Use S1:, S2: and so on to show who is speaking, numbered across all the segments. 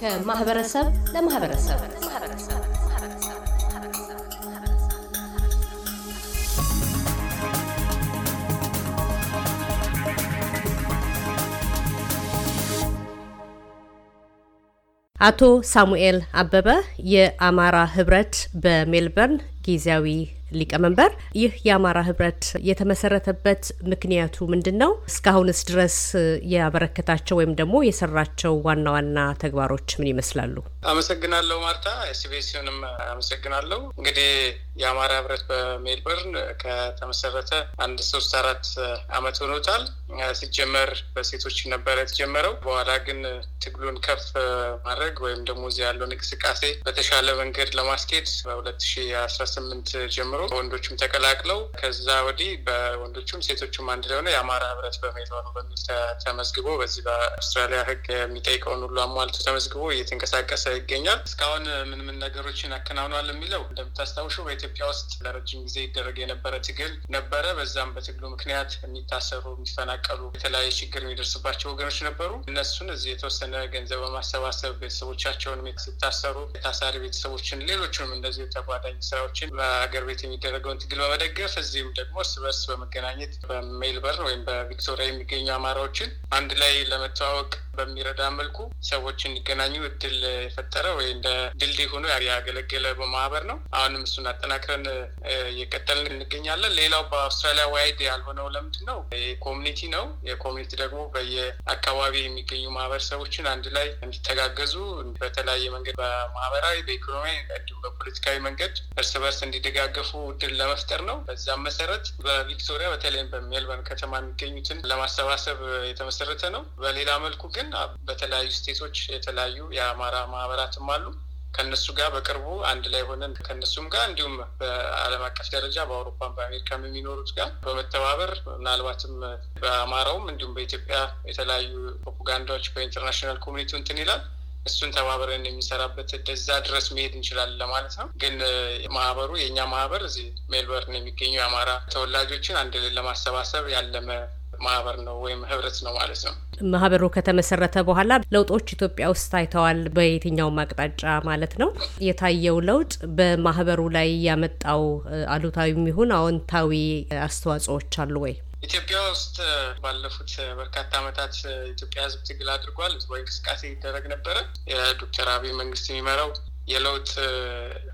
S1: ከማህበረሰብ ለማህበረሰብ አቶ ሳሙኤል አበበ የአማራ ህብረት በሜልበርን ጊዜያዊ ሊቀመንበር ይህ የአማራ ህብረት የተመሰረተበት ምክንያቱ ምንድን ነው? እስካሁንስ ድረስ ያበረከታቸው ወይም ደግሞ የሰራቸው ዋና ዋና ተግባሮች ምን ይመስላሉ?
S2: አመሰግናለሁ ማርታ። ኤስቢኤስንም አመሰግናለሁ። እንግዲህ የአማራ ህብረት በሜልበርን ከተመሰረተ አንድ ሶስት አራት አመት ሆኖታል። ሲጀመር በሴቶች ነበረ የተጀመረው። በኋላ ግን ትግሉን ከፍ ማድረግ ወይም ደግሞ እዚህ ያለውን እንቅስቃሴ በተሻለ መንገድ ለማስኬድ በሁለት ሺ አስራ ስምንት ጀምሮ ወንዶችም ተቀላቅለው ከዛ ወዲህ በወንዶቹም ሴቶቹም አንድ ላይ ሆነ የአማራ ህብረት በሚል በሚል ተመዝግቦ በዚህ በአውስትራሊያ ህግ የሚጠይቀውን ሁሉ አሟልቶ ተመዝግቦ እየተንቀሳቀሰ ይገኛል። እስካሁን ምን ምን ነገሮችን አከናውኗል የሚለው እንደምታስታውሹ በኢትዮጵያ ውስጥ ለረጅም ጊዜ ይደረግ የነበረ ትግል ነበረ። በዛም በትግሉ ምክንያት የሚታሰሩ የሚፈናቀሉ፣ የተለያየ ችግር የሚደርስባቸው ወገኖች ነበሩ። እነሱን እዚህ የተወሰነ ገንዘብ በማሰባሰብ ቤተሰቦቻቸውን ሲታሰሩ የታሳሪ ቤተሰቦችን ሌሎችንም እንደዚህ ተጓዳኝ ስራዎችን ሰዎችን በሀገር ቤት የሚደረገውን ትግል በመደገፍ እዚህም ደግሞ እርስ በርስ በመገናኘት በሜልበር ወይም በቪክቶሪያ የሚገኙ አማራዎችን አንድ ላይ ለመተዋወቅ በሚረዳ መልኩ ሰዎች እንዲገናኙ እድል የፈጠረ ወይ እንደ ድልድይ ሆኖ ያገለገለ በማህበር ነው። አሁንም እሱን አጠናክረን እየቀጠልን እንገኛለን። ሌላው በአውስትራሊያ ዋይድ ያልሆነው ለምንድን ነው? የኮሚኒቲ ነው። የኮሚኒቲ ደግሞ በየአካባቢ የሚገኙ ማህበረሰቦችን አንድ ላይ እንዲተጋገዙ በተለያየ መንገድ በማህበራዊ፣ በኢኮኖሚ እንዲሁም በፖለቲካዊ መንገድ እርስ በርስ እርስ እንዲደጋገፉ እድል ለመፍጠር ነው። በዛም መሰረት በቪክቶሪያ በተለይም በሜልበርን ከተማ የሚገኙትን ለማሰባሰብ የተመሰረተ ነው። በሌላ መልኩ ግን በተለያዩ ስቴቶች የተለያዩ የአማራ ማህበራትም አሉ። ከነሱ ጋር በቅርቡ አንድ ላይ ሆነን ከነሱም ጋር እንዲሁም በዓለም አቀፍ ደረጃ በአውሮፓን በአሜሪካም የሚኖሩት ጋር በመተባበር ምናልባትም በአማራውም እንዲሁም በኢትዮጵያ የተለያዩ ፕሮፓጋንዳዎች በኢንተርናሽናል ኮሚኒቲው እንትን ይላል እሱን ተባብረን የሚሰራበት እዛ ድረስ መሄድ እንችላለን ለማለት ነው። ግን ማህበሩ የእኛ ማህበር እዚህ ሜልበርን የሚገኙ የአማራ ተወላጆችን አንድ ላይ ለማሰባሰብ ያለመ ማህበር ነው ወይም ህብረት ነው ማለት ነው።
S1: ማህበሩ ከተመሰረተ በኋላ ለውጦች ኢትዮጵያ ውስጥ ታይተዋል። በየትኛውም አቅጣጫ ማለት ነው። የታየው ለውጥ በማህበሩ ላይ ያመጣው አሉታዊም ይሁን አዎንታዊ አስተዋጽኦዎች አሉ ወይ? ኢትዮጵያ
S2: ውስጥ ባለፉት በርካታ ዓመታት ኢትዮጵያ ሕዝብ ትግል አድርጓል። ህዝባዊ እንቅስቃሴ ይደረግ ነበረ። የዶክተር አብይ መንግስት የሚመራው የለውጥ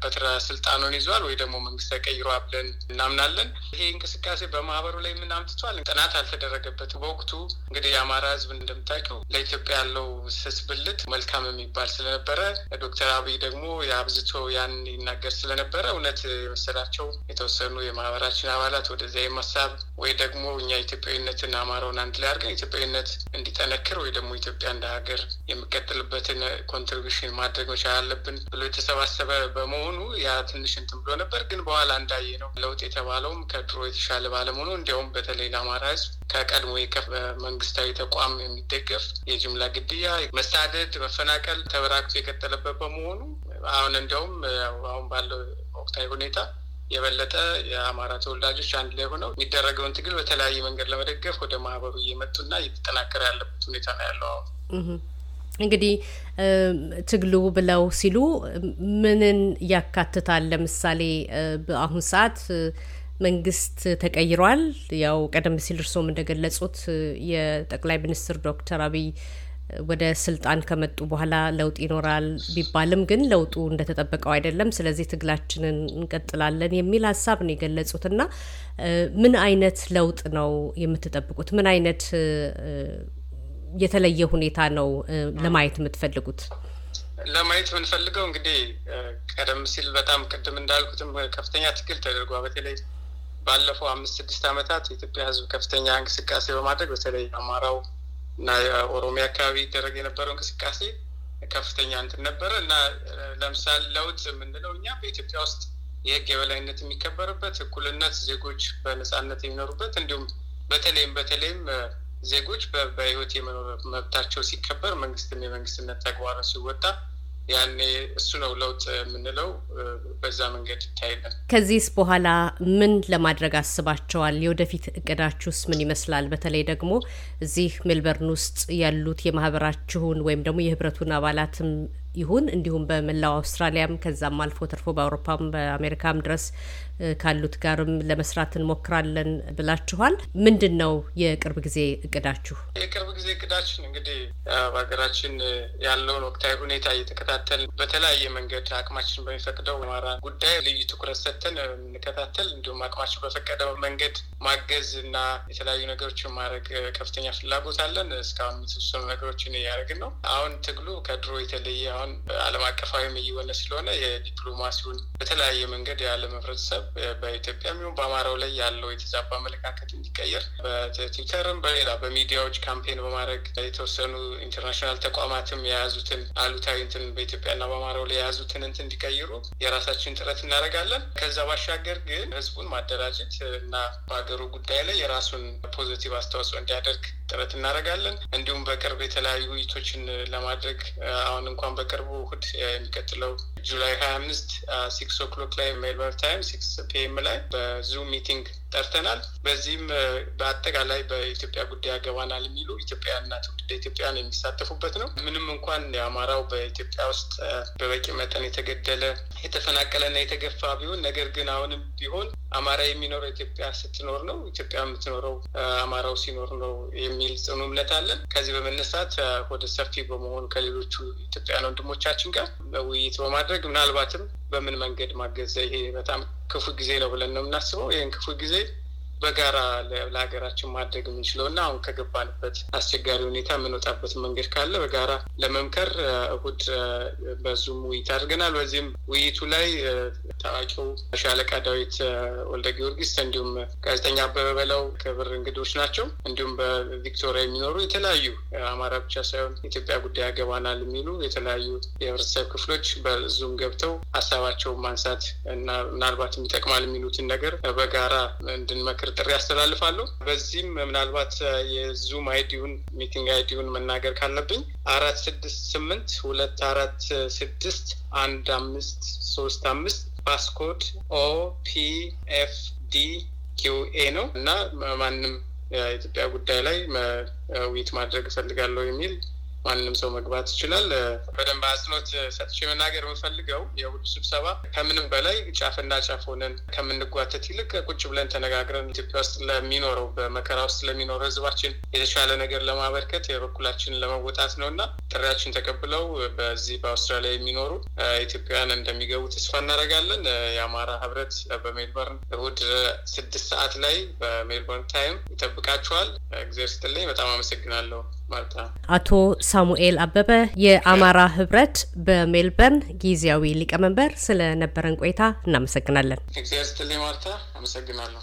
S2: በትረ ስልጣኑን ይዟል ወይ ደግሞ መንግስት ተቀይሮ ብለን እናምናለን። ይሄ እንቅስቃሴ በማህበሩ ላይ ምን አምጥቷል? ጥናት አልተደረገበትም። በወቅቱ እንግዲህ የአማራ ህዝብ እንደምታውቂው ለኢትዮጵያ ያለው ስስ ብልት መልካም የሚባል ስለነበረ ዶክተር አብይ ደግሞ የአብዝቶ ያን ይናገር ስለነበረ እውነት የመሰላቸው የተወሰኑ የማህበራችን አባላት ወደዚያ የመሳብ ወይ ደግሞ እኛ ኢትዮጵያዊነትን አማራውን አንድ ላይ አድርገን ኢትዮጵያዊነት እንዲጠነክር ወይ ደግሞ ኢትዮጵያ እንደ ሀገር የሚቀጥልበትን ኮንትሪቢሽን ማድረግ መቻል አለብን ተብሎ የተሰባሰበ በመሆኑ ያ ትንሽ እንትን ብሎ ነበር። ግን በኋላ እንዳየ ነው ለውጥ የተባለውም ከድሮ የተሻለ ባለመሆኑ እንዲያውም በተለይ ለአማራ ህዝብ ከቀድሞ መንግስታዊ ተቋም የሚደገፍ የጅምላ ግድያ፣ መሳደድ፣ መፈናቀል ተበራክቶ የቀጠለበት በመሆኑ አሁን እንዲያውም አሁን ባለው ወቅታዊ ሁኔታ የበለጠ የአማራ ተወላጆች አንድ ላይ ሆነው የሚደረገውን ትግል በተለያየ መንገድ ለመደገፍ ወደ ማህበሩ እየመጡና እየተጠናከረ ያለበት ሁኔታ ነው ያለው
S1: አሁን። እንግዲህ ትግሉ ብለው ሲሉ ምንን ያካትታል? ለምሳሌ በአሁን ሰዓት መንግስት ተቀይሯል። ያው ቀደም ሲል እርስዎም እንደገለጹት የጠቅላይ ሚኒስትር ዶክተር አብይ ወደ ስልጣን ከመጡ በኋላ ለውጥ ይኖራል ቢባልም ግን ለውጡ እንደተጠበቀው አይደለም። ስለዚህ ትግላችንን እንቀጥላለን የሚል ሀሳብ ነው የገለጹት እና ምን አይነት ለውጥ ነው የምትጠብቁት? ምን አይነት የተለየ ሁኔታ ነው ለማየት የምትፈልጉት?
S2: ለማየት የምንፈልገው እንግዲህ ቀደም ሲል በጣም ቅድም እንዳልኩትም ከፍተኛ ትግል ተደርጓ በተለይ ባለፈው አምስት ስድስት ዓመታት የኢትዮጵያ ሕዝብ ከፍተኛ እንቅስቃሴ በማድረግ በተለይ አማራው እና የኦሮሚያ አካባቢ ይደረግ የነበረው እንቅስቃሴ ከፍተኛ እንትን ነበረ እና ለምሳሌ ለውጥ የምንለው እኛ በኢትዮጵያ ውስጥ የህግ የበላይነት የሚከበርበት እኩልነት፣ ዜጎች በነጻነት የሚኖሩበት እንዲሁም በተለይም በተለይም ዜጎች በህይወት የመኖር መብታቸው ሲከበር መንግስትም የመንግስትነት ተግባር ሲወጣ ያኔ እሱ ነው ለውጥ የምንለው። በዛ መንገድ
S1: ይታይለን። ከዚህስ በኋላ ምን ለማድረግ አስባቸዋል? የወደፊት እቅዳችሁስ ምን ይመስላል? በተለይ ደግሞ እዚህ ሜልበርን ውስጥ ያሉት የማህበራችሁን ወይም ደግሞ የህብረቱን አባላትም ይሁን እንዲሁም በመላው አውስትራሊያም ከዛም አልፎ ተርፎ በአውሮፓም በአሜሪካም ድረስ ካሉት ጋርም ለመስራት እንሞክራለን ብላችኋል። ምንድን ነው የቅርብ ጊዜ እቅዳችሁ? የቅርብ ጊዜ
S2: እቅዳችን እንግዲህ በሀገራችን ያለውን ወቅታዊ ሁኔታ እየተከታተል በተለያየ መንገድ አቅማችን በሚፈቅደው አማራ ጉዳይ ልዩ ትኩረት ሰጥተን የምንከታተል እንዲሁም አቅማችን በፈቀደው መንገድ ማገዝ እና የተለያዩ ነገሮችን ማድረግ ከፍተኛ ፍላጎት አለን። እስካሁን የተወሰኑ ነገሮችን እያደረግን ነው። አሁን ትግሉ ከድሮ የተለየ አሁን ዓለም አቀፋዊም እየሆነ ስለሆነ የዲፕሎማሲውን በተለያየ መንገድ የዓለም ህብረተሰብ በኢትዮጵያ የሚሆን በአማራው ላይ ያለው የተዛባ አመለካከት እንዲቀየር በትዊተርም በሌላ በሚዲያዎች ካምፔን በማድረግ የተወሰኑ ኢንተርናሽናል ተቋማትም የያዙትን አሉታዊ እንትን በኢትዮጵያና በአማራው ላይ የያዙትን እንትን እንዲቀይሩ የራሳችን ጥረት እናደርጋለን። ከዛ ባሻገር ግን ህዝቡን ማደራጀት እና በሀገሩ ጉዳይ ላይ የራሱን ፖዘቲቭ አስተዋጽኦ እንዲያደርግ ጥረት እናደርጋለን። እንዲሁም በቅርብ የተለያዩ ውይይቶችን ለማድረግ አሁን እንኳን በቅርቡ እሑድ የሚቀጥለው ጁላይ ሀያ አምስት ሲክስ uh, ኦክሎክ ላይ ሜልበርን ታይም ሲክስ ፒኤም ላይ በዙም ሚቲንግ ጠርተናል። በዚህም በአጠቃላይ በኢትዮጵያ ጉዳይ ያገባናል የሚሉ ኢትዮጵያውያንና ትውልደ ኢትዮጵያን የሚሳተፉበት ነው። ምንም እንኳን የአማራው በኢትዮጵያ ውስጥ በበቂ መጠን የተገደለ የተፈናቀለና የተገፋ ቢሆን ነገር ግን አሁንም ቢሆን አማራ የሚኖረው ኢትዮጵያ ስትኖር ነው፣ ኢትዮጵያ የምትኖረው አማራው ሲኖር ነው የሚል ጽኑ እምነት አለን። ከዚህ በመነሳት ወደ ሰፊ በመሆኑ ከሌሎቹ ኢትዮጵያን ወንድሞቻችን ጋር ውይይት በማድረግ ምናልባትም በምን መንገድ ማገዘ ይሄ በጣም ክፉ ጊዜ ነው ብለን ነው የምናስበው። ይህን ክፉ ጊዜ በጋራ ለሀገራችን ማድረግ የምንችለው እና አሁን ከገባንበት አስቸጋሪ ሁኔታ የምንወጣበት መንገድ ካለ በጋራ ለመምከር እሁድ በዙም ውይይት አድርገናል። በዚህም ውይይቱ ላይ ታዋቂው ሻለቃ ዳዊት ወልደ ጊዮርጊስ እንዲሁም ጋዜጠኛ አበበ በላው ክብር እንግዶች ናቸው። እንዲሁም በቪክቶሪያ የሚኖሩ የተለያዩ አማራ ብቻ ሳይሆን ኢትዮጵያ ጉዳይ ያገባናል የሚሉ የተለያዩ የህብረተሰብ ክፍሎች በዙም ገብተው ሀሳባቸውን ማንሳት እና ምናልባትም ይጠቅማል የሚሉትን ነገር በጋራ እንድንመክር ጥሪ ያስተላልፋሉ በዚህም ምናልባት የዙም አይዲውን ሚቲንግ አይዲውን መናገር ካለብኝ አራት ስድስት ስምንት ሁለት አራት ስድስት አንድ አምስት ሶስት አምስት ፓስኮድ ኦ ፒ ዲ ኪውኤ ነው እና ማንም የኢትዮጵያ ጉዳይ ላይ ውይይት ማድረግ እፈልጋለሁ የሚል ማንም ሰው መግባት ይችላል። በደንብ አጽንኦት ሰጥቼ መናገር የምፈልገው የሁሉ ስብሰባ ከምንም በላይ ጫፍና ጫፍ ሆነን ከምንጓተት ይልቅ ቁጭ ብለን ተነጋግረን ኢትዮጵያ ውስጥ ለሚኖረው በመከራ ውስጥ ለሚኖረው ሕዝባችን የተሻለ ነገር ለማበርከት የበኩላችንን ለመወጣት ነው እና ጥሪያችን ተቀብለው በዚህ በአውስትራሊያ የሚኖሩ ኢትዮጵያውያን እንደሚገቡ ተስፋ እናደርጋለን። የአማራ ሕብረት በሜልበርን እሑድ ስድስት ሰዓት ላይ በሜልበርን ታይም ይጠብቃችኋል። እግዚአብሔር ይስጥልኝ። በጣም አመሰግናለሁ።
S1: አቶ ሳሙኤል አበበ የአማራ ህብረት በሜልበርን ጊዜያዊ ሊቀመንበር ስለነበረን ቆይታ እናመሰግናለን።
S2: እግዚአብሔር ይስጥልኝ ማርታ፣ አመሰግናለሁ።